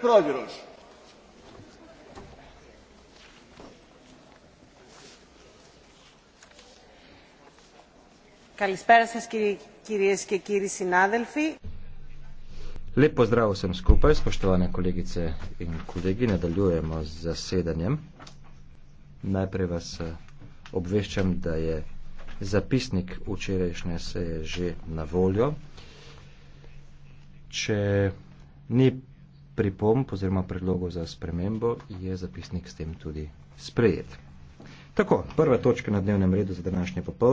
πρόεδρος. Καλησπέρα σας κύριε, κυρίες και κύριοι συνάδελφοι. Lep pozdrav vsem skupaj, spoštovane kolegice in kolegi, nadaljujemo z zasedanjem. Najprej vas eh, obveščam, da je zapisnik včerajšnje seje že na voljo. Če ni pripomb oziroma predlogov za spremembo je zapisnik s tem tudi sprejet. Tako, prva točka na dnevnem redu za današnje popoldne.